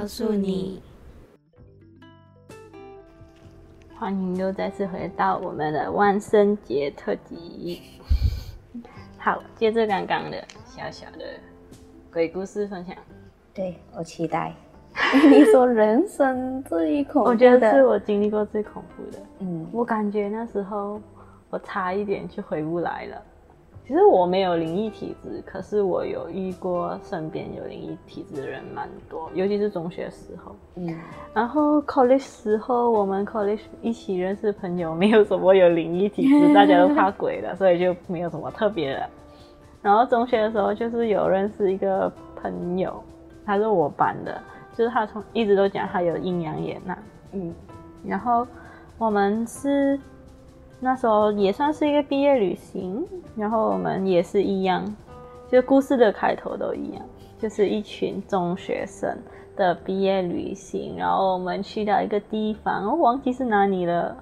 告訴你，歡迎又再次回到我們的萬聖節特輯。好，接着剛剛的小小的鬼故事分享，對，我期待。 你說人生最恐怖的，我覺得是我經歷過最恐怖的。嗯，我感覺那時候我差一點就回不來了。其實我沒有靈異體質，可是我有遇過身邊有靈異體質的人蠻多，尤其是中學時候。嗯，然後 college 時候，我們 college 一起認識朋友，沒有什麼有靈異體質，大家都怕鬼的， 所以就沒有什麼特別的。然後中學的時候就是有認識一個朋友，他是我班的，就是他從一直都講他有陰陽眼吶、啊。嗯，然後我們是。那時候也算是一個畢業旅行，然後我們也是一樣，就故事的開頭都一樣，就是一群中學生的畢業旅行，然後我們去到一個地方，我、哦、忘記是哪裡了，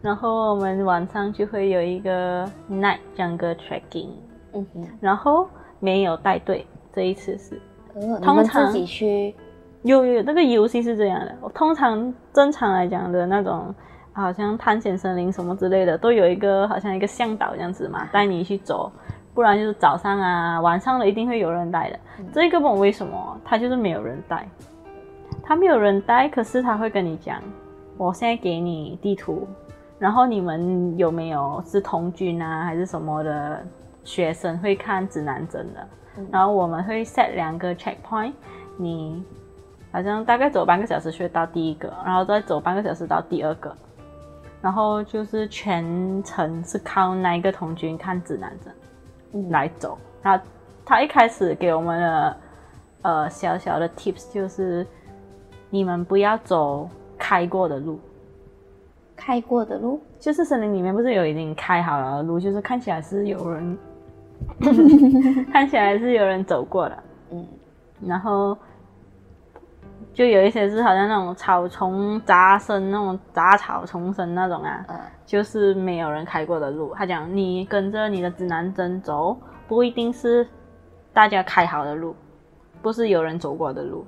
然後我們晚上就會有一個 night 這樣個 tracking 嗯哼，然後沒有帶隊，這一次是，哦、通常，你們自己去，有有，有那個遊戲是這樣的，我通常正常來講的那種。好像探險森林什麼之類的，都有一個好像一個向導這樣子嘛，帶你去走。不然就是早上啊、晚上的，一定會有人帶的。嗯、這個不懂為什麼，他就是沒有人帶，他沒有人帶，可是他會跟你講，我現在給你地圖，然後你們有沒有是童軍啊還是什麼的學生會看指南針的？嗯、然後我們會 set 兩個 check point，你好像大概走半個小時學到第一個，然後再走半個小時到第二個。然後就是全程是靠那一個童軍看指南針，來走。那、嗯、他,他一開始給我們的呃小小的 tips 就是，你們不要走開過的路，開過的路就是森林裡面不是有已經開好了的路，就是看起來是有人， 看起來是有人走過了。嗯，然後。就有一些是好像那種草叢雜生，那種雜草叢生那種啊，嗯、就是沒有人開過的路。他講，你跟着你的指南針走，不一定是大家開好的路，不是有人走過的路。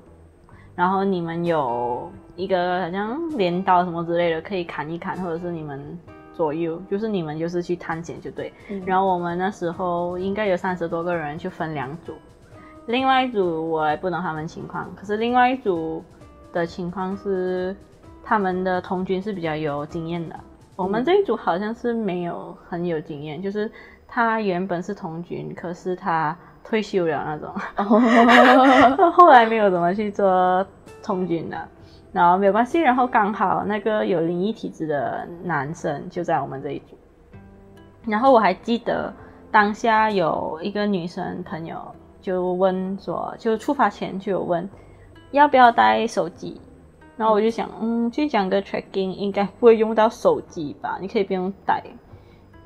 然後你們有一個好像鐮刀什麼之類的，可以砍一砍，或者是你們左右，就是你們就是去探險就對。嗯、然後我們那時候應該有三十多個人，就分兩組。另外一組我也不懂他們情況，可是另外一組的情況是，他們的童軍是比較有經驗的。嗯、我們這一組好像是沒有很有經驗，就是他原本是童軍，可是他退休了那種， 後來沒有怎麼去做童軍了，啊。然後沒有關係，然後剛好那個有靈異體質的男生就在我們這一組。然後我還記得當下有一個女生朋友。就問說，就出發前就有問，要不要帶手機？然後我就想，嗯，去講個 tracking 應該不會用到手機吧？你可以不用帶，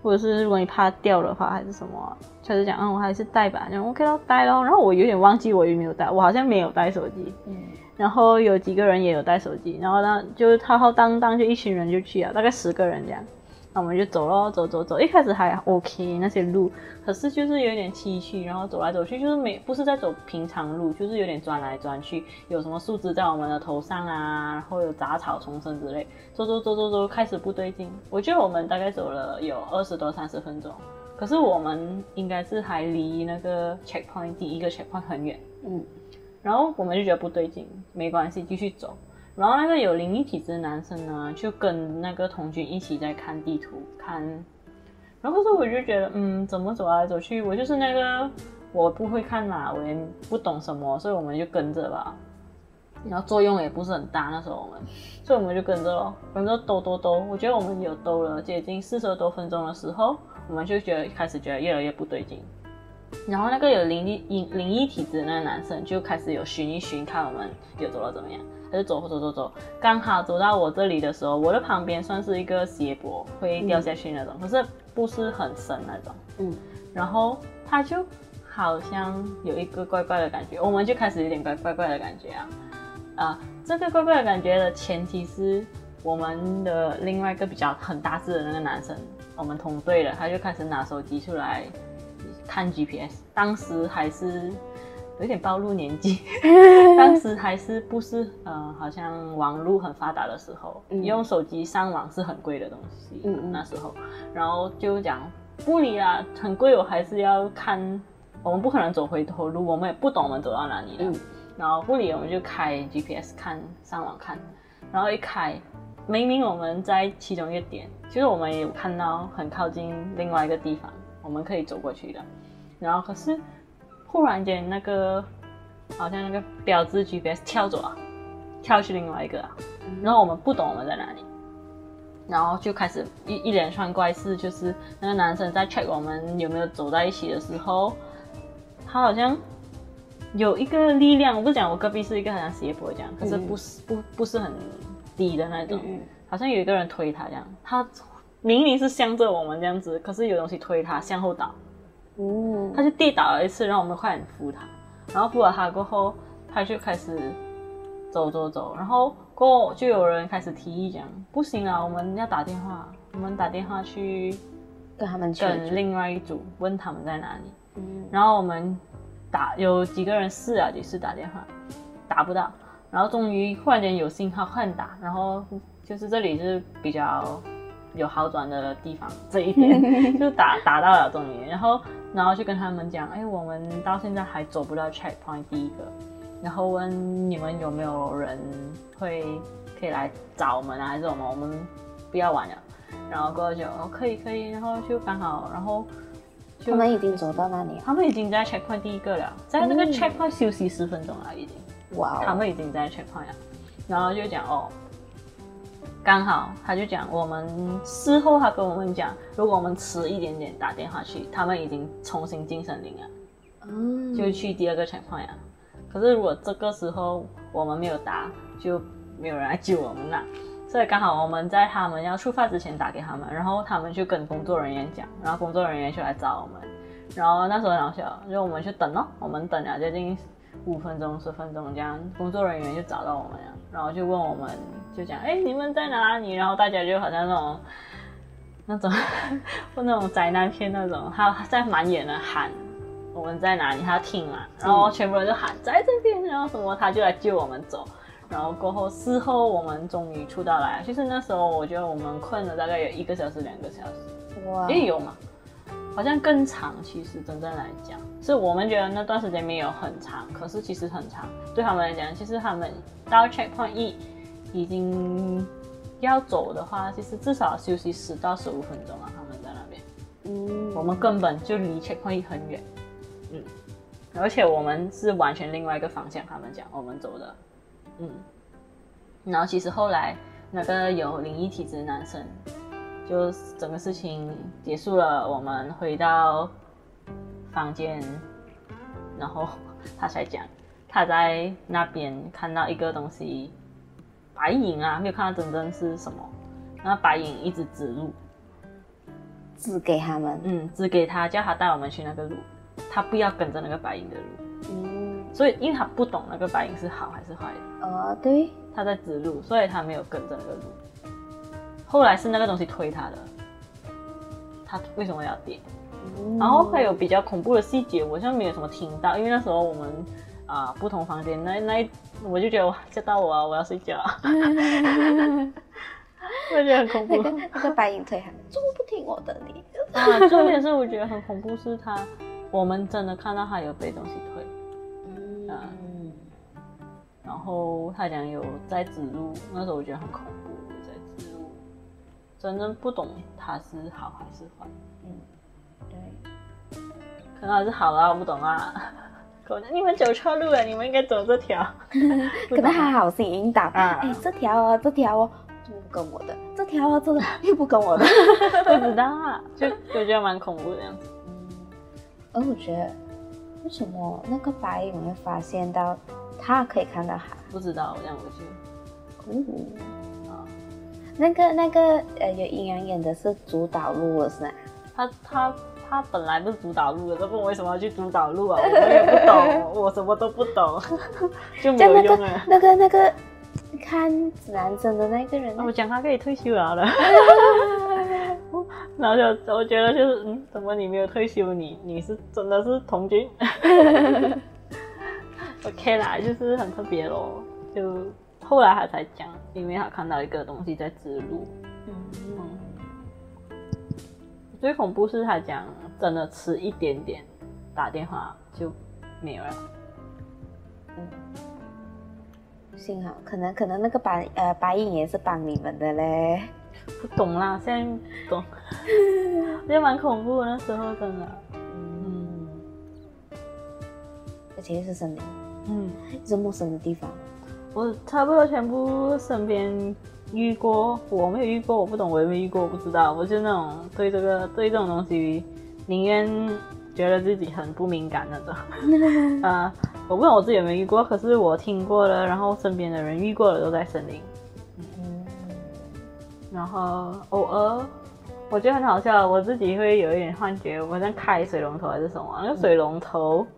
或者是如果你怕掉的話還是什麼？他就講，嗯，我還是帶吧，講 OK 嘍，帶咯，然後我有點忘記我有沒有帶，我好像沒有帶手機。嗯，然後有幾個人也有帶手機，然後呢，就是浩浩蕩蕩就一群人就去了，大概十個人這樣。那我們就走咯，走走走，一開始還 OK，那些路，可是就是有點崎嶇，然後走來走去，就是沒不是在走平常路，就是有點鑽來鑽去，有什麼樹枝在我們的頭上啊，然後有雜草叢生之類，走走走走走，開始不對勁，我覺得我們大概走了有二十多三十分鐘，可是我們應該是還離那個 checkpoint 第一個 checkpoint 很遠，嗯，然後我們就覺得不對勁，沒關係，繼續走。然後那個有靈異體質的男生呢，就跟那個童軍一起在看地圖看，然後我就覺得，嗯，怎麼走來走去，我就是那個我不會看嘛，我也不懂什麼，所以我們就跟着吧，然後作用也不是很大，那時候我們，所以我們就跟着咯，跟着兜兜兜，我覺得我們有兜了，接近四十多分鐘的時候，我們就覺得開始覺得越來越不對勁。然後那個有靈異靈靈異體質的那個男生就開始有尋一尋，看我們有走到怎麼樣，他就走走走走剛好走到我這裡的時候，我的旁邊算是一個斜坡，會掉下去那種，嗯、可是不是很深那種。嗯，然後他就好像有一個怪怪的感覺，我們就開始有點怪怪怪的感覺啊啊、呃！這個怪怪的感覺的前提是我們的另外一個比較很大隻的那個男生，我們同隊的，他就開始拿手機出來。看 GPS，當時還是有點暴露年紀。當時還是不是呃，好像網絡很發達的時候，嗯、用手機上網是很貴的東西。嗯，嗯，那時候，然後就講不理啦，很貴，我還是要看。我們不可能走回頭路，我們也不懂我們走到哪裡的。嗯、然後不理，我們就開 GPS 看上網看，然後一開，明明我們在其中一個點，其、就、實、是、我們也有看到很靠近另外一個地方，嗯、我們可以走過去的。然後可是，忽然間那個好像那個標誌 GPS 跳走啊，跳去另外一個啊。然後我們不懂我們在哪裡，然後就開始一一連串怪事，就是那個男生在 check 我們有沒有走在一起的時候，他好像有一個力量。我不是講我隔壁是一個好像斜坡這樣，可是不是、嗯、不不是很低的那種，嗯、好像有一個人推他這樣。他明明是向着我們這樣子，可是有東西推他向後倒。哦，嗯、他就地倒了一次，讓我們快點扶他。然後扶了他過後，他就開始走走走。然後過後就有人開始提議講，不行啊，我們要打電話，我們打電話去跟他們跟另外一組問他們在哪裡。嗯、然後我們打有幾個人試啊，也是打電話打不到。然後終於忽然間有信號快打，然後就是這裡就是比較有好轉的地方，這一點， 就打打到了終於，然後。然後就跟他們講，哎，我們到現在還走不到 checkpoint 第一個，然後問你們有沒有人會可以來找我們啊？還是怎麼？我們不要玩了。然後過了就，哦，可以可以，然後就剛好，然後他們已經走到哪裡了？他們已經在 checkpoint 第一個了，在那個 checkpoint 休息十分鐘了，已經。哇。他們已經在 checkpoint 了，然後就講哦。剛好他就講，我們事後他跟我們講，如果我們遲一點點打電話去，他們已經重新進森林了，嗯，就去第二個情況呀。可是如果這個時候我們沒有打，就沒有人來救我們了。所以剛好我們在他們要出發之前打給他們，然後他們就跟工作人員講，然後工作人員就來找我們，然後那時候老小就我們去等咯，我們等了接近。五分鐘十分鐘這樣，工作人員就找到我們了，然後就問我們，就講哎、欸、你們在哪裡？然後大家就好像那種那種或那種災難片那種，他在蠻遠的喊我們在哪裡，他聽嘛，然後全部人就喊在這邊，然後什麼他就來救我們走，然後過後事後我們終於出到來了，其、就、實、是、那時候我覺得我們困了大概有一個小時兩個小時，哇 Wow.、欸，有嗎？好像更長，其實真正來講，是我們覺得那段時間沒有很長，可是其實很長。對他們來講，其實他們到 check point 1已經要走的話，其實至少休息十到十五分鐘啊。他們在那邊，嗯，我們根本就離 check point 1很遠，嗯，而且我們是完全另外一個方向。他們講我們走的，嗯，然後其實後來那個有靈異體質的男生。就整個事情結束了，我們回到房間，然後他才講，他在那邊看到一個東西，白影啊，沒有看到真正是什麼，那白影一直指路，指給他們，嗯，指給他，叫他帶我們去那個路，他不要跟着那個白影的路，嗯，所以因為他不懂那個白影是好還是壞的，哦、對，他在指路，所以他沒有跟着那個路。後來是那個東西推他的，他為什麼要點？嗯、然後還有比較恐怖的細節，我好像沒有什麼聽到，因為那時候我們啊、呃、不同房間，那那一我就覺得嚇到我啊，我要睡覺，我覺得很恐怖。那個那個白影推還不聽我的你，啊，重點是我覺得很恐怖，是他我們真的看到他有被東西推，嗯，嗯，然後他講有在指入，那時候我覺得很恐怖。真的不懂他是好還是壞，嗯，對，可能是好啦，我不懂啊，可能你們走錯路了，你們應該走這條，可能還好心引導，啊，這條哦，這條哦，不跟我的，這條啊？這條又不跟我的， 不知道，啊，就就覺得蠻恐怖的樣子。嗯，而我覺得為什麼那個白影有沒有發現到他可以看到海？不知道，我這樣回去，哦。那個那個呃，有陰陽眼的是主導路的是嗎他？他他他本來不是主導路的，他問我為什麼要去主導路啊？我也不懂，我什麼都不懂， 就沒有用啊。那個那個、那個、看指南針的那個人，我講他可以退休、啊、的。 然後就我覺得就是，嗯，怎麼你沒有退休？你你是真的是童軍 ？OK 啦，就是很特別嘍，就。後來他才講，因為他看到一個東西在指路。嗯。嗯。最恐怖是他講，真的吃一點點，打電話就沒有了。嗯。幸好，可能可能那個白呃白影也是幫你們的嘞。不懂啦，現在不懂。也 蠻恐怖的，那時候真的。嗯。而且又是森林，嗯，又是陌生的地方。我差不多全部身邊遇過，我沒有遇過，我不懂，我也沒有遇過，我不知道。我就那種對這個對這種東西，寧願覺得自己很不敏感那種。 uh, 我不懂我自己有沒有遇過，可是我聽過了，然後身邊的人遇過了都在森林。嗯嗯。然後偶爾我覺得很好笑，我自己會有一點幻覺，我在開水龍頭還是什麼？那個水龍頭。嗯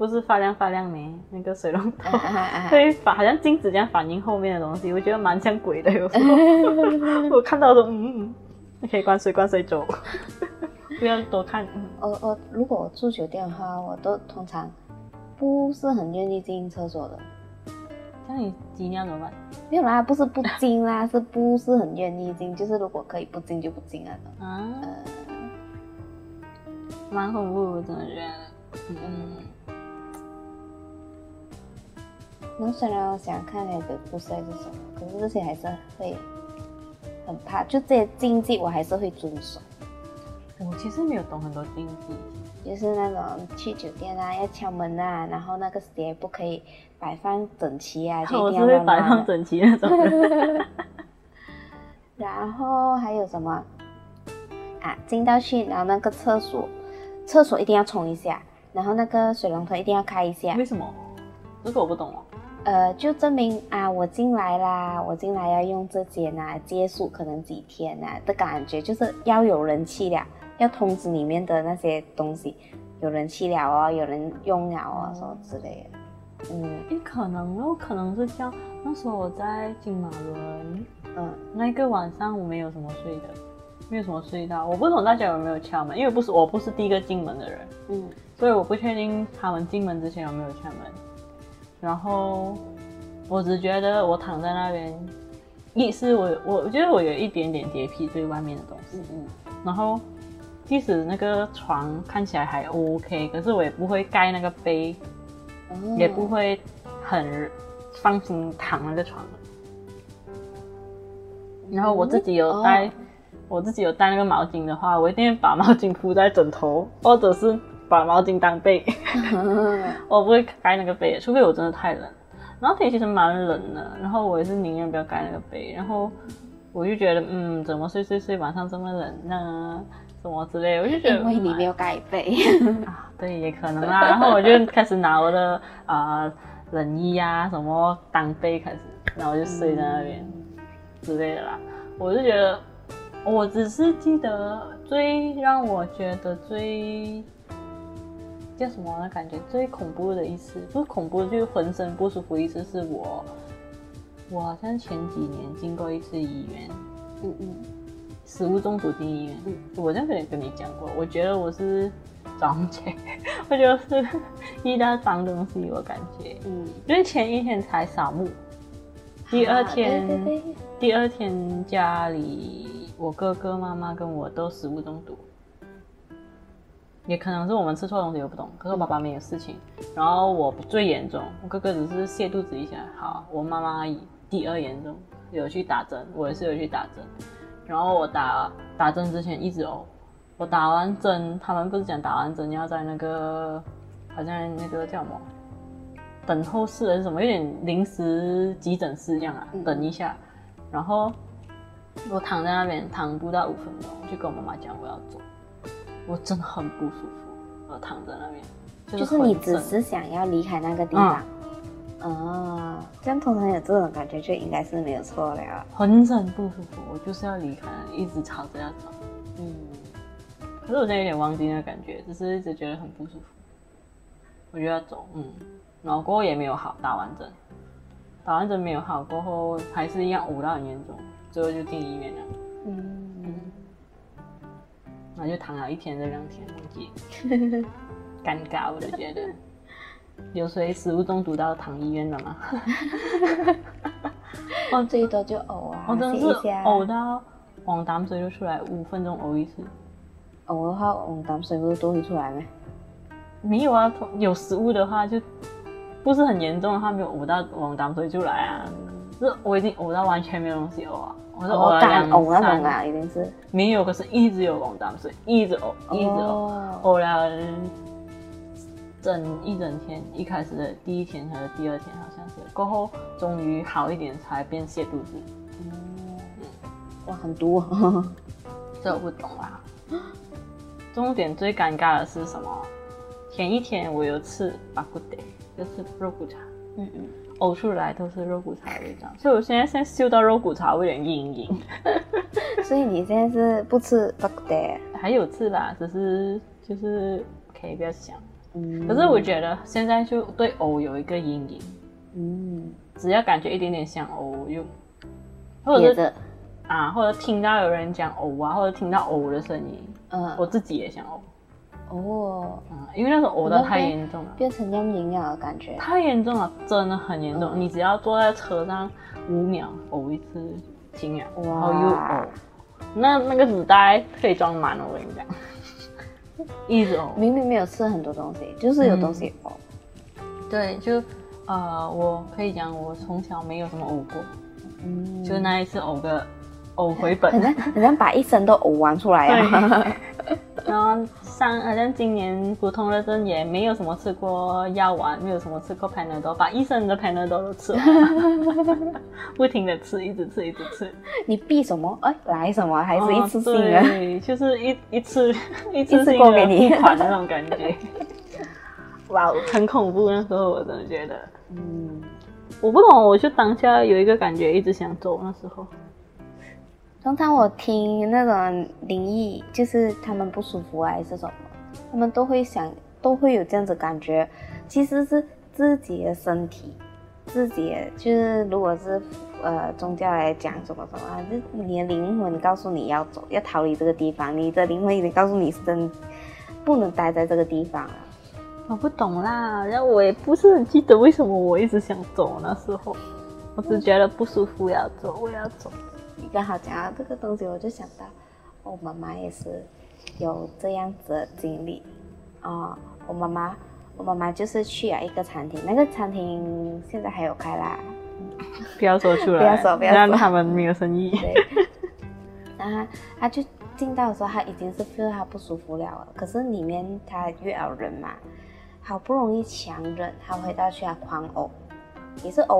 不是發亮發亮沒？那個水龍頭，對、嗯嗯嗯嗯、反好像鏡子這樣反應後面的東西，我覺得蠻像鬼的。有時候我,、嗯嗯、 我看到的，嗯，那可以關水關水走， 不要多看。我我如果我住酒店的話，我都通常不是很願意進廁所的。像你驚訝怎麼辦？沒有啦，不是不進啦，是不是很願意進？ 就是如果可以不進就不進啊,啊。啊、呃。蠻恐怖，我怎麼覺得？嗯。嗯雖然我想看那個故事，還是什麼，可是這些還是會很怕。就這些禁忌，我還是會遵守。我其實沒有懂很多禁忌，就是那種去酒店啊，要敲門啊，然後那個鞋不可以擺放整齊啊，就一定要我是擺放整齊那種。 然後還有什麼啊？進到去，然後那個廁所，廁所一定要沖一下，然後那個水龍頭一定要開一下。為什麼？這個我不懂哦、啊。呃，就證明啊，我進來啦，我進來要用這間啊，結束可能幾天啊，的感覺就是要有人氣了，要通知裡面的那些東西，有人氣了啊、哦，有人用了啊、哦，什麼、嗯、之類的。嗯，你可能哦，可能是叫，那時候我在金馬倫，嗯、呃，那個晚上我沒有什麼睡的，沒有什麼睡到，我不懂大家有沒有敲門，因為不是我不是第一個進門的人，嗯，所以我不確定他們進門之前有沒有敲門。然後，我只覺得我躺在那邊，意思我，我我覺得我有一點點潔癖，對、就是、外面的東西。嗯。然後，即使那個床看起來還 OK，可是我也不會蓋那個被，嗯、也不會很放心躺那個床。然後我自己有帶，嗯哦、我自己有帶那個毛巾的話，我一定會把毛巾鋪在枕頭，或者是。把毛巾當被， 我不會蓋那個被，除非我真的太冷。然後那天其實蠻冷的，然後我也是寧願不要蓋那個被，然後我就覺得，嗯，怎麼睡睡睡，晚上這麼冷呢？什麼之類的，我就覺得因為你沒有蓋被，啊，對，也可能啦。然後我就開始拿我的啊、 呃，冷衣啊什麼當被開始，然後就睡在那邊，嗯，之類的啦。我就覺得，我只是記得最讓我覺得最。叫什麼？感覺最恐怖的一次，不是恐怖，就是渾身不舒服。一次是我，我好像前幾年經過一次醫院，嗯嗯，食物中毒進醫院。嗯、我那個人跟你講過，我覺得我是裝的，我就是一大髒東西。我感覺，嗯，因為前一天才掃墓，第二天，啊、對對對，第二天家裡我哥哥、媽媽跟我都食物中毒。也可能是我們吃錯東西，我不懂。可是我爸爸沒有事情，然後我最嚴重，我哥哥只是瀉肚子一下。好，我媽媽第二嚴重，有去打針，我也是有去打針。然後我打打針之前一直嘔、哦，我打完針，他們不是講打完針要在那個，好像那個叫什麼，等候室還是什麼，有點臨時急診室這樣啊，嗯、等一下。然後我躺在那邊躺不到五分鐘，我就跟我媽媽講我要走。我真的很不舒服，我躺在那邊，就是、就是你只是想要離開那個地方，啊、嗯哦，這樣通常有這種感覺就應該是沒有錯了，渾身不舒服，我就是要離開，一直吵着要走，嗯，可是我現在有點忘記那個感覺，只是一直覺得很不舒服，我就要走，嗯，然後過後也沒有好，打完針，打完針沒有好過後還是一樣捂到很嚴重，最後就進醫院了，嗯。那就躺了一天這兩天，估計尷尬，我就覺得有誰食物中毒到躺醫院了嗎？我最多就嘔啊，我真的是嘔到往膽水就出來，五分鐘嘔一次。嘔的話往膽水不是都會出來嗎？沒有啊，有食物的話就不是很嚴重的話，沒有嘔到往膽水出來啊。是我已經嘔到完全沒有東西嘔啊。我說我膽紅啊紅已經是 3,、哦，沒有，可是一直有黃疸，是、嗯、一直嘔，哦、一直嘔，嘔了整一整天，一開始的第一天還是第二天好像是過後終於好一點才變瀉肚子。哦、嗯，哇，很毒、哦， 這我不懂啦、啊。重點最尷尬的是什麼？前一天我有吃排骨的，就是肉骨茶。嗯嗯。嘔出來都是肉骨茶的味道，所以我現在現在嗅到肉骨茶味有點陰影。 所以你現在是不吃這個的？還有吃吧，只是就是可以、okay, 不要想。嗯。可是我覺得現在就對嘔有一個陰影。嗯。只要感覺一點點像嘔，就。或者是別的。啊，或者聽到有人講嘔啊，或者聽到嘔的聲音。嗯。我自己也想嘔。哦、oh. 嗯，因為那時候嘔得太嚴重了，okay, 變成這樣營養的感覺。太嚴重了，真的很嚴重。嗯、你只要坐在車上五秒嘔一次，驚啊！哇，好又嘔。那那個紙袋可以裝滿，我跟你講， 一直嘔。明明沒有吃很多東西，就是有東西也嘔。嗯、對，就呃，我可以講，我從小沒有什麼嘔過，嗯、就那一次嘔個。偶、哦、回本，你能把一生都嘔完出來呀、啊。對 然後像好像今年普通的針也沒有什麼吃過藥丸，沒有什麼吃過 Panadol，把一生的 Panadol 都吃了， 不停的吃，一直吃，一直吃。你避什麼？哎，來什麼？還是一次性的？哦、就是一一次一次，性一次過給你款那種感覺。哇，很恐怖，那時候我真的覺得，嗯，我不懂，我就當下有一個感覺，一直想走那時候。通常我聽那種靈異，就是他們不舒服啊，還是什麼，他們都會想，都會有這樣子感覺。其實是自己的身體，自己就是如果是呃宗教來講，怎麼怎麼啊，就是、你的靈魂告訴你要走，要逃離這個地方，你的靈魂已經告訴你是真不能待在這個地方了、啊。我不懂啦，然後我也不是很記得為什麼我一直想走，那時候我只覺得不舒服，要走，我要走。剛好講到這個東西，我就想到，哦、我媽媽也是有這樣子的經歷啊、哦。我媽媽，我媽媽就是去啊一個餐廳，那個餐廳現在還有開啦、啊。不要說出來， 不要說，不要說，讓他們沒有生意。對， 然後她就進到的時候，她已經是 feel 她不舒服了，了，可是裡面她約了人嘛，好不容易強忍，她回到去她狂嘔、哦，一直嘔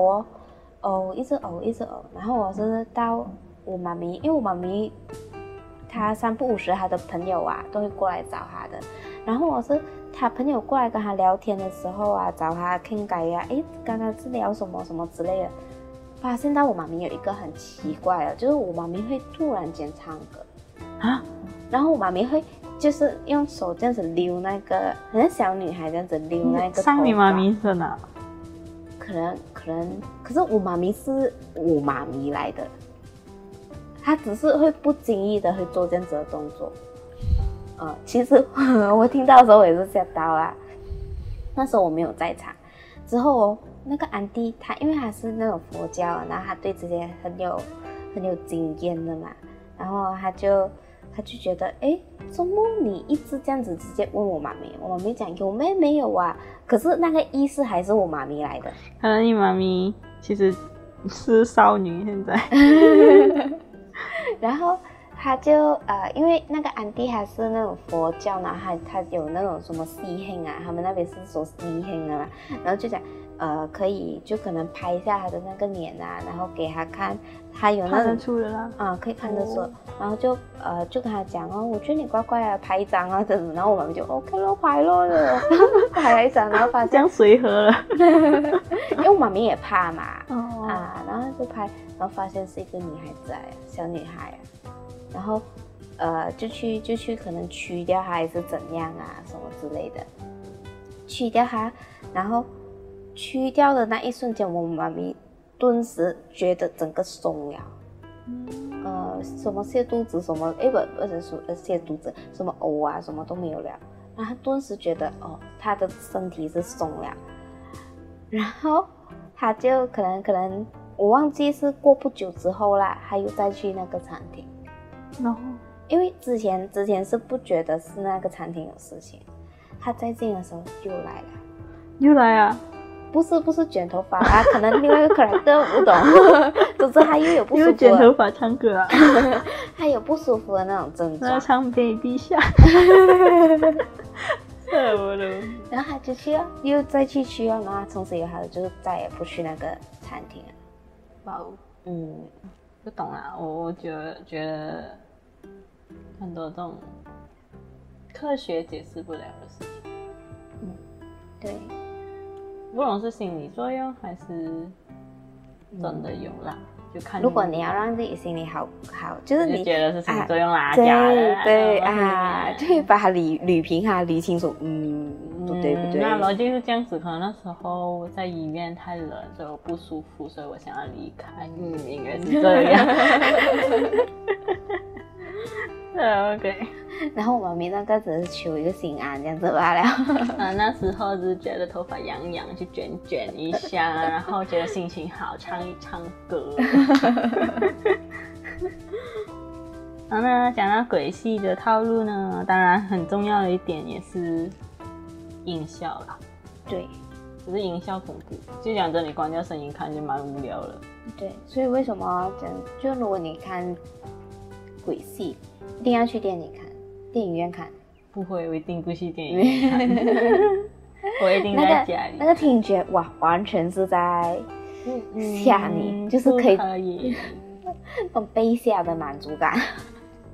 哦，嘔一直嘔一直嘔，然後我是到。我媽咪，因為我媽咪，她三不五時，她的朋友啊都會過來找她的。然後我是她朋友過來跟她聊天的時候啊，找她傾偈呀，哎，剛剛是聊什麼什麼之類的。發現到我媽咪有一個很奇怪的，就是我媽咪會突然間唱歌啊，蛤然後我媽咪會就是用手這樣子溜那個，很像小女孩這樣子溜那個。三你，你媽咪是哪？可能可能，可是我媽咪是我媽咪來的。他只是會不經意的會做這樣子的動作，呃，其實呵呵我聽到的時候我也是嚇到啦。那時候我沒有在場。之後、哦，那個安迪他因為他是那種佛教，然後他對這些很有很有經驗的嘛，然後他就他就覺得，誒，怎麼你一直這樣子直接問我媽咪，我媽咪講有沒有沒有啊？可是那個意思還是我媽咪來的。他的你媽咪其實是少女，現在。 然後他就呃，因為那個安迪還是那種佛教呢，他他有那種什麼西行啊，他們那邊是說西行的嘛，然後就講。呃，可以就可能拍一下他的那個臉啊，然後給他看，他有那，出啊、呃，可以看得出，哦、然後就呃，就跟他講哦，我覺得你乖乖啊，拍一張啊，怎麼？然後我媽媽就 OK 咯， 拍咯了，拍了一張，然後發現這樣隨和了，因為我媽咪也怕嘛，啊、哦呃，然後就拍，然後發現是一個女孩子，小女孩、啊，然後呃，就去就去可能去掉他還是怎樣啊，什麼之類的，去掉他，然後。去掉的那一瞬間，我媽咪頓時覺得整個鬆了，嗯、呃，什麼瀉肚子什麼，哎、欸、不，不是說瀉、呃、肚子，什麼嘔啊什麼都沒有了，然後頓時覺得哦、呃，她的身體是鬆了，然後她就可能可能我忘記是過不久之後啦，她又再去那個餐廳，然後因為之前之前是不覺得是那個餐廳有事情，她再見的時候又來了，又來啊。不是不是捲頭髮啊， 可能另外一個客人都不懂，就 是他又有不舒服的，又捲頭髮唱歌、啊，還 有不舒服的那種症狀，唱 baby 笑，什麼了？然後他就是、啊、又再去去了嘛，從此以後就再也不去那個餐廳了。哦，嗯，不懂啊，我我覺得覺得很多這種科學解釋不了的事情，嗯，對。不懂是心理作用還是真的有啦？嗯、就看如果你要讓自己心裡好好，就是你，你就覺得是心理作用啦，啊，啊、頭對對啊，對，把它捋捋平它捋清楚，嗯，不、嗯、對不對。那邏輯是這樣子，可能那時候在醫院太冷，所以我不舒服，所以我想要離開，嗯，應該是這樣。嗯、 uh，OK。然後我們沒那個只是求一個心安，啊，這樣子罷了。啊，那時候是覺得頭髮癢癢，就捲捲一下， 然後覺得心情好，唱一唱歌。 然後呢，講到鬼戲的套路呢，當然很重要的一點也是，音效啦。對，只是音效恐怖，就想著你關掉聲音看就蠻無聊了。對，所以為什麼講，就如果你看鬼戲，一定要去電影看。電影院看，不會，我一定不去電影院。 我一定在家裡、 那個。那個聽覺哇，完全是在嚇你，嗯、就是可以可以，很卑 下的滿足感。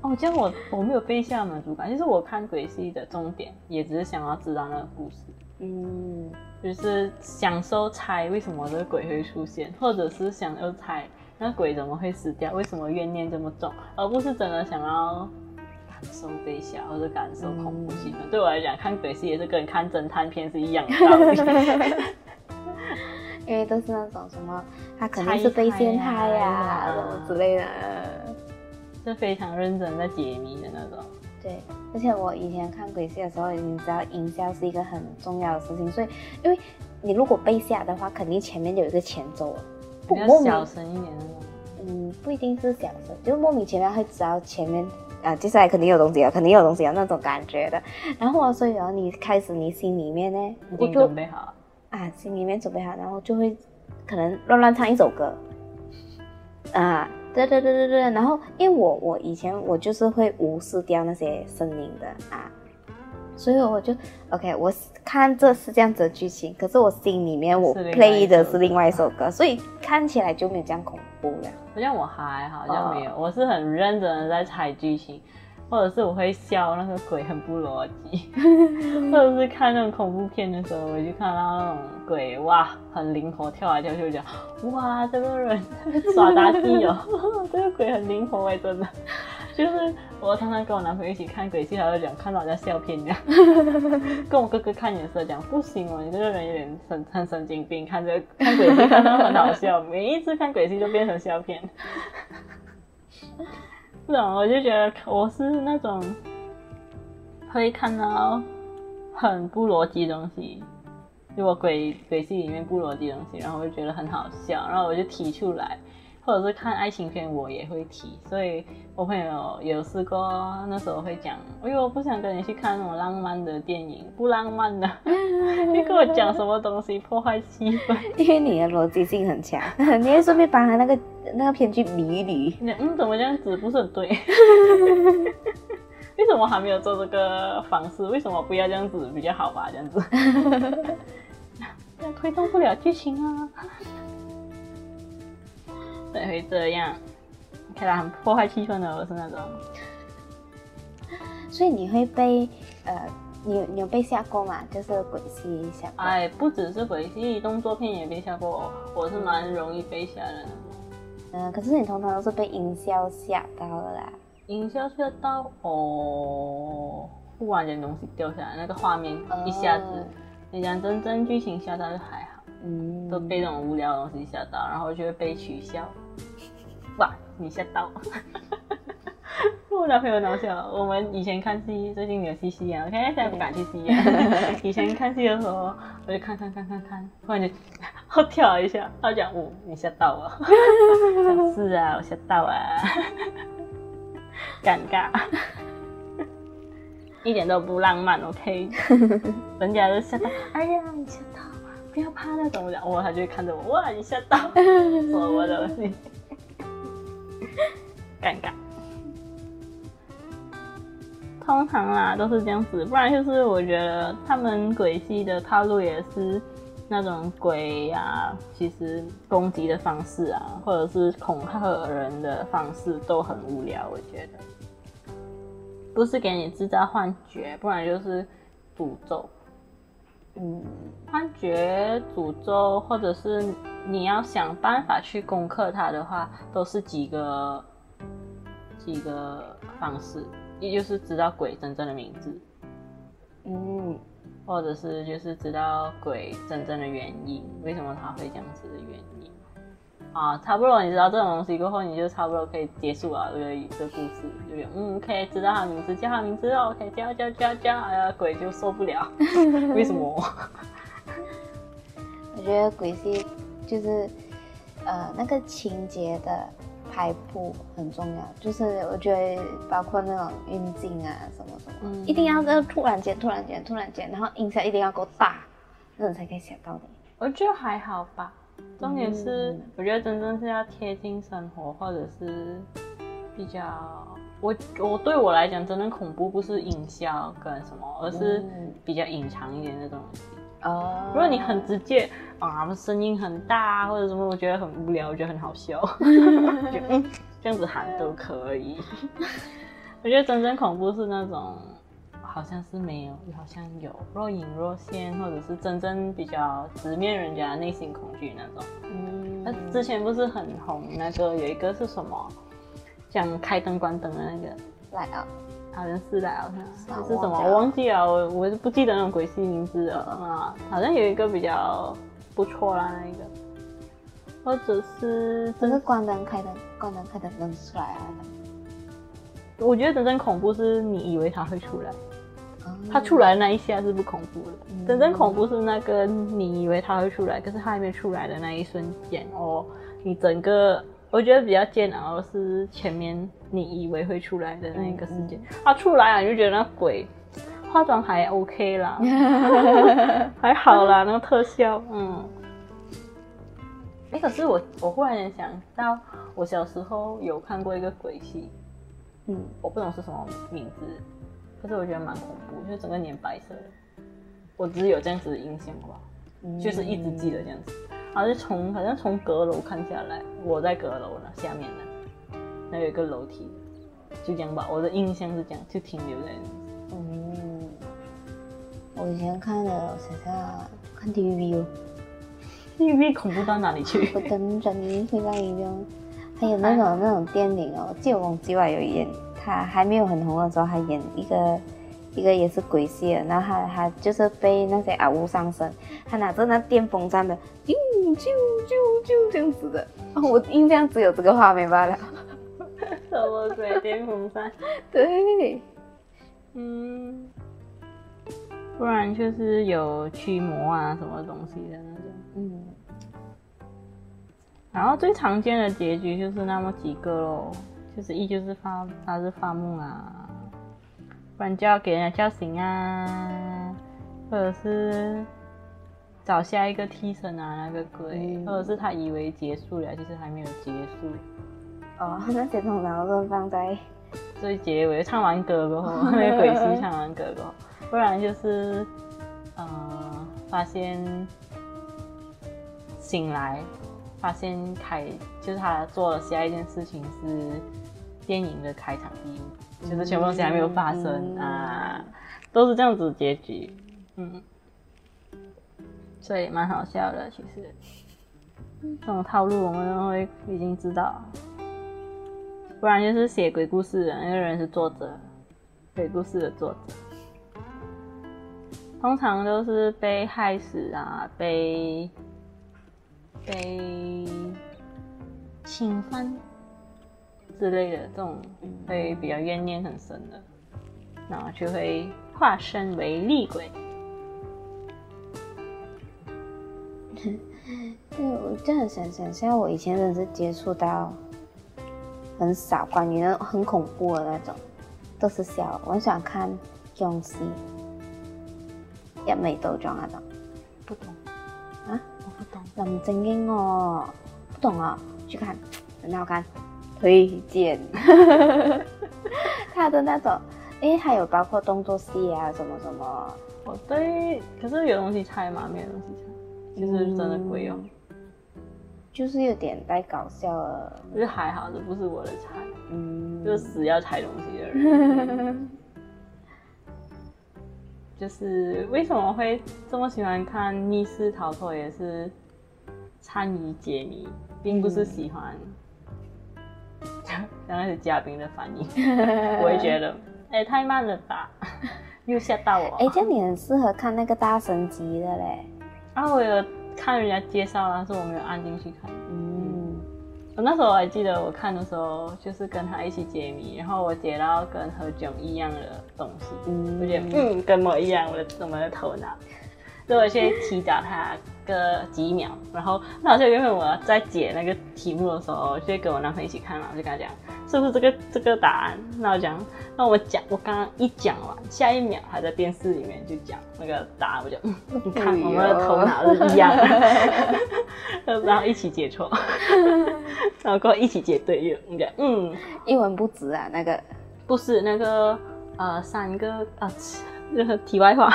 哦，這樣我我沒有被嚇的滿足感，就是我看鬼戲的重點，也只是想要知道那個故事。嗯，就是享受猜為什麼這個鬼會出現，或者是想要猜那鬼怎麼會死掉，為什麼怨念這麼重，而不是真的想要。受被嚇或者感受恐怖氣氛，嗯、對我來講，看鬼戲也是跟看偵探片是一樣的道理。 因為都是那種什麼，他肯定是被陷害呀，啊，猜猜啊，什麼之類的，是非常認真在解謎的那種。對，而且我以前看鬼戲的時候已經知道音效是一個很重要的事情，所以因為你如果被嚇的話，肯定前面有一個前奏了。比較小聲一點，啊、嗯，不一定是小聲，就莫名其妙會知道前面。啊，接下來肯定有東西啊，肯定有東西啊，那種感覺的。然後我、啊、說：“然後、啊、你開始，你心裡面呢？”你就我就啊，心裡面準備好，然後就會可能亂亂唱一首歌。啊，對對對對對。然後因為我我以前我就是會無視掉那些聲音的啊。所以我就 OK，我看這是這樣子的劇情，可是我心裡面我 play 的是另外一首歌，首歌啊、所以看起來就沒有這樣恐怖了。好像我還好像沒有，哦、我是很認真的在猜劇情，或者是我會笑那個鬼很不邏輯。或者是看那種恐怖片的時候，我就看到那種鬼哇很靈活，跳來跳去，我就講哇這個人耍大金哦， 這個鬼很靈活，我真的。就是我常常跟我男朋友一起看鬼戲，他就講看到我在笑片這樣， 跟我哥哥看顏色講不行哦、喔，你這個人有點神，很神經病。看着看鬼戲看到很好笑，每一次看鬼戲就變成笑片。這 種我就覺得我是那種可以看到很不邏輯東西，如果鬼鬼戲裡面不邏輯東西，然後我就覺得很好笑，然後我就提出來。或者是看愛情片，我也會提，所以我朋友有試過，那時候會講，因、哎、為我不想跟你去看那種浪漫的電影，不浪漫的，你跟我講什麼東西，破壞氣氛。因為你的邏輯性很強，你也順便把他那個那個片去迷離你，嗯，怎麼這樣子，不是很對？ 為什麼還沒有做這個方式？為什麼不要這樣子比較好吧？這樣子，這樣 推動不了劇情啊。才會這樣，看來很破壞氣氛的，我是那種。所以你會被呃，你有你有被嚇過嗎？就是鬼戲嚇過。哎，不只是鬼戲，動作片也被嚇過。我是蠻容易被嚇的。嗯，可是你通常都是被營銷嚇到了啦。營銷嚇到哦，突然間東西掉下來，那個畫面，哦、一下子。你講真正劇情嚇到就還好。嗯、都被這種無聊的東西嚇到，然後就會被取笑。哇，你嚇到！ 我男朋友很好笑。我們以前看戲，最近沒有去戲院啊。我現在現在不敢去戲院啊。 以前看戲的時候，我就看看看看看，看，突然就好跳一下，他講哦，你嚇到我。是 啊，我嚇到啊，尷 尷尬， 一點都不浪漫。OK， 人家都嚇到。哎呀，你嚇到。不要怕那種，我講哇，他就會看着我哇，你嚇到， 我我的問題尷 尬。通常啦都是這樣子，不然就是我覺得他們鬼戲的套路也是那種鬼啊，其實攻擊的方式啊，或者是恐嚇人的方式都很無聊，我覺得。不是給你制造幻覺，不然就是詛咒。嗯，幻覺、詛咒，或者是你要想辦法去攻克它的話，都是幾個幾個方式，也就是知道鬼真正的名字，嗯，或者是就是知道鬼真正的原因，為什麼他會這樣子的原因。啊，差不多你知道這種東西過後，你就差不多可以結束了這個這故事，對不對？嗯，可以知道他名字，叫他名字叫，我可以叫叫叫叫，哎、啊，鬼就受不了， 為什麼？我覺得鬼是就是呃那個情節的排布很重要，就是我覺得包括那種運鏡啊什麼什麼，嗯、一定要是突然間、突然間、突然間，然後影響一定要夠大，那種才可以嚇到你。我覺得還好吧。重點是，我覺得真正是要貼近生活，或者是比較我我對我來講，真正恐怖不是音效跟什麼，而是比較隱藏一點的東西。如果你很直接啊，聲音很大或者什麼，我覺得很無聊，我覺得很好笑，就嗯，這樣子喊都可以。我覺得真正恐怖是那種。好像是沒有，好像有若隱若現，或者是真正比較直面人家內心恐懼那種。嗯，那之前不是很紅那個有一個是什麼，像開燈關燈的那個，來啊，哦，好像是萊奧，還是，、啊，是什麼？我忘，我忘記了，我是不記得那種鬼戲名字了。啊，好像有一個比較不錯啦，那一個，或者是真，真是關燈開燈，關燈開燈能出來、啊。我覺得真正恐怖是你以為他會出來。他出來的那一下是不恐怖的，嗯、真正恐怖是那個你以為他會出來，可是他還沒出來的那一瞬間哦，你整個我覺得比較煎熬是前面你以為會出來的那一個時間，他、嗯嗯啊、出來啊，你就覺得那鬼化妝還 OK 啦， 還好啦，那個特效嗯、欸，可是我我忽然想到我小時候有看過一個鬼戲，嗯，我不懂是什麼名，名字。可是我覺得蠻恐怖，就是整個臉白色的。我只有這樣子的印象吧，嗯、就是一直記得這樣子。然後從好像從閣樓看下來，我在閣樓呢，下面呢，那有一個樓梯。就這樣吧，我的印象是這樣，就停留在那裡。嗯。我以前看了啥啥，我想想看 TVB 哦。TVB 恐怖到哪裡去？ 我真真的會一、哎、那種，還有那種那種電影哦，《借我攻擊》外有一演。他還沒有很紅的時候，他演一個，一個也是鬼戲的，然後他他就是被那些阿嗚上身，他拿着那電風扇的，嗯，啾啾啾這樣子的，哦，我印象只有這個畫面罷了。什麼鬼 電風扇，對，嗯，不然就是有驅魔啊什麼東西的那種，嗯，然後最常見的結局就是那麼幾個嘍。就是一就是發，他是發夢啊，不然就要給人家叫醒啊，或者是找下一個替身啊，那個鬼，嗯、或者是他以為結束了，其實還沒有結束。哦，那些通常都是放在最結尾，唱完歌過後，那個 鬼戲唱完歌過後，不然就是，呃，發現醒來，發現凱就是他做了下一件事情是。電影的開場音，其實全部東西還沒有發生，嗯、啊，都是這樣子結局，嗯，所以蠻好笑的。其實這種套路我們都會已經知道，不然就是寫鬼故事的因為人，是作者，鬼故事的作者，通常都是被害死啊，被被侵犯，之類的，這種會比較怨念很深的，然後就會化身為厲鬼。對我真的想想，像我以前真是接觸到很少關於那種很恐怖的那種，都是小我很喜歡看僵屍、一眉道長那種，不懂啊，我不懂，那麼真的哦，不懂啊，去看很好看。推薦 他的那種，哎、欸，還有包括動作戲啊，什麼什麼。我對於，可是有東西猜嘛，沒有東西猜，嗯、就是真的不會用。就是有點帶搞笑了。就是還好，這不是我的菜。嗯。就是死要猜東西的人。 就是為什麼會這麼喜歡看密室逃脫？也是參與解謎，並不是喜歡。剛開始嘉賓的反應， 我也覺得，哎、欸，太慢了吧， 又嚇到我。哎、欸，這樣你很適合看那個大神級的嘞。啊，我有看人家介紹，但是我沒有按進去看。嗯，我那時候還記得，我看的時候就是跟他一起解謎，然後我解到跟何炅一樣的東西，嗯，有點嗯，跟我一樣，我的什麼的頭腦。所以我先提早他個幾秒， 然後那好像原本我在解那個題目的時候，我就跟我男朋友一起看了，我就跟他講，是不是這個這個答案？那我講，那我講，我剛剛一講完，下一秒他在電視裡面就講那個答案，我就嗯，你看我們的頭腦是一樣的， 然後一起解錯， 然後過後一起解對應我就嗯，一文不值啊，那個不是那個呃三個呃。就是題外話，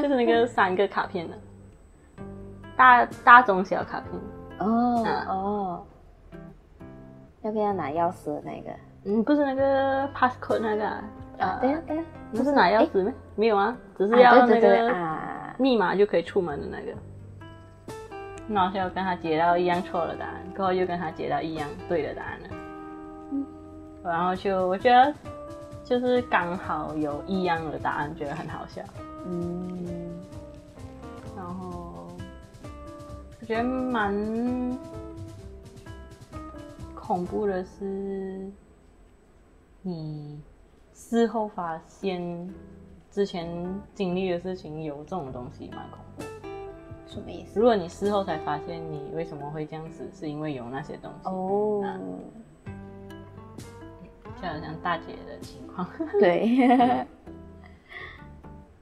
就是那個三個卡片的，大大中小卡片哦哦，要跟他拿鑰匙的那個，嗯，不是那個 passcode 那個啊，等下等下，啊啊啊啊啊，不是拿鑰匙嗎？啊、沒有啊，只是要，啊、對對對對那個密碼就可以出門的那個，啊、那我要跟他接到一樣錯的答案，過後又跟他接到一樣對的答案了，嗯，然後就我覺得。就是剛好有一樣的答案，覺得很好笑。嗯，然後我覺得蠻恐怖的是，你事後發現之前經歷的事情有這種東西，蠻恐怖。什麼意思？如果你事後才發現，你為什麼會這樣子？是因為有那些東西？哦。Oh. 像大姐的情況，對，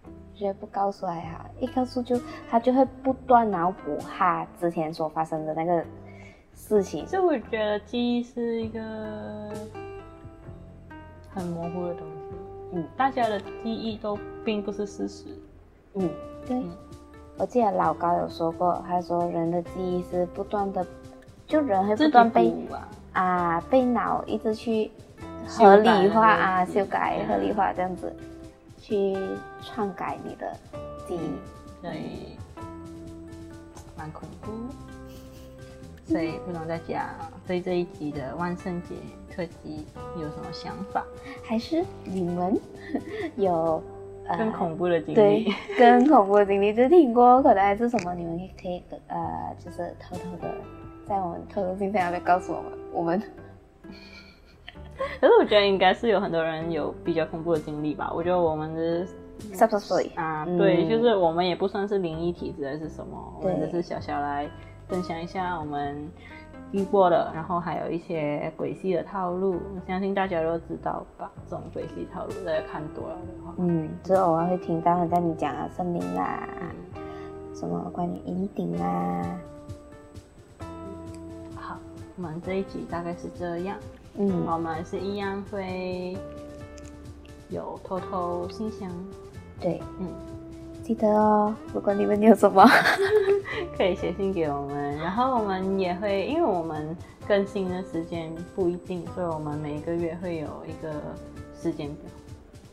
我覺得不告訴還好，一告訴就他就會不斷腦補他之前所發生的那個事情。所以我覺得記憶是一個很模糊的東西，嗯，大家的記憶都並不是事實，嗯，對。嗯，我記得老高有說過，他說人的記憶是不斷的，就人會不斷被啊、呃、被腦一直去。合理，合理化啊，修改是合理化這樣子，嗯、去篡改你的記憶，所以蠻恐怖，所以不能在講。所以這一集的萬聖節特輯有什麼想法？還是你們有、呃、更恐怖的經歷？對，更恐怖的經歷 就聽過，可能還是什麼你們可以呃，就是偷偷的在我們偷偷經驗上面告訴我們，我們。可是我覺得應該是有很多人有比較恐怖的經歷吧。我覺得我們的，啊，對，就是我們也不算是靈異體質還是什麼，我們只對是小小來分享一下我們遇過的，然後還有一些鬼戲的套路，相信大家都知道吧。這種鬼戲套路大家看多了的話，嗯，就是，偶爾會聽到，像你講的森林啊，什麼關於雲頂啊。好，我們這一集大概是這樣。嗯，嗯，我們是一樣會有偷偷信箱。對，嗯，記得哦。如果你們有什麼 可以寫信給我們，然後我們也會，因為我們更新的時間不一定，所以我們每個月會有一個時間表，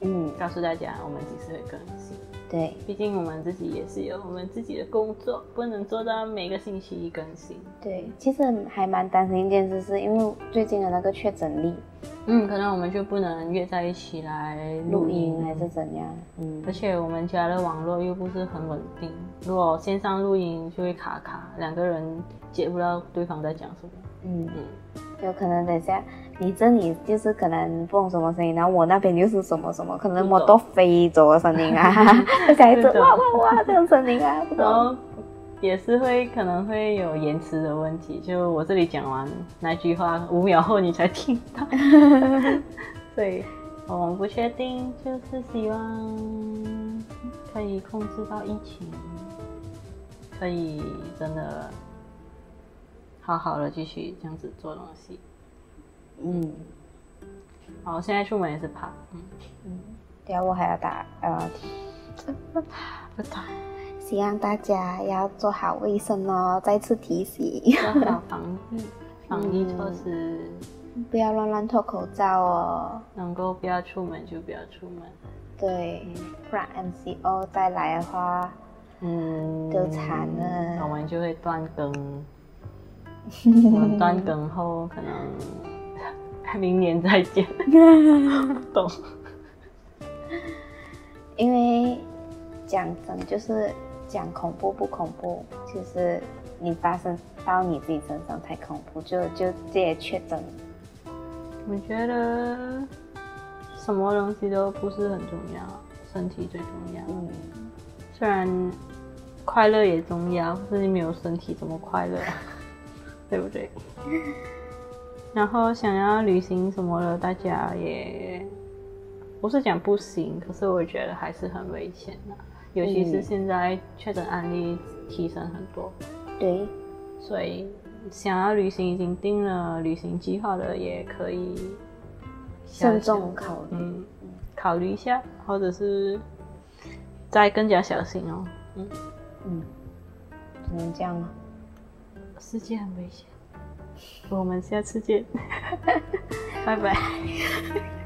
嗯，告訴大家我們幾時會更新。對，畢竟我們自己也是有我們自己的工作，不能做到每個星期一更新。對，其實還蠻擔心一件事，是因為最近的那個確診率，嗯，可能我們就不能約在一起來錄音，錄音還是怎樣？嗯，而且我們家的網絡又不是很穩定，如果線上錄音就會卡卡，兩個人接不到對方在講什麼。嗯，嗯，有可能等一下，你這裡就是可能不懂什麼聲音，然後我那邊就是什麼什麼，可能摩托車飛走的聲音啊，或者哇哇哇這樣聲音啊。不懂，然後也是會可能會有延遲的問題，就我這裡講完那句話五秒後你才聽到。 對，我們不確定，就是希望可以控制到疫情，可以真的好好的繼續這樣子做東西。嗯，好，現在出門也是怕，嗯，對我還要打 L R T，不打，希望大家要做好衛生哦，再次提醒，做好防疫，防疫措施，不要亂亂脫口罩哦，能夠不要出門就不要出門，對，不然 M C O 再來的話，嗯，就慘了，我們就會斷更，我們斷更後可能。明年再見。不懂， 因為講真，就是講恐怖不恐怖，就是你發生到你自己身上太恐怖，就就這也確診。我覺得什麼東西都不是很重要，身體最重要。雖然快樂也重要，但是你沒有身體怎麼快樂， 對不對？然後想要旅行什麼的，大家也不是講不行，可是我覺得還是很危險的，啊，嗯、尤其是現在確診案例提升很多。對，所以想要旅行已經定了旅行計劃的，也可以想想慎重考慮，嗯，考慮一下，或者是再更加小心哦。嗯嗯，只能這樣了。世界很危險。我們下次見，拜拜。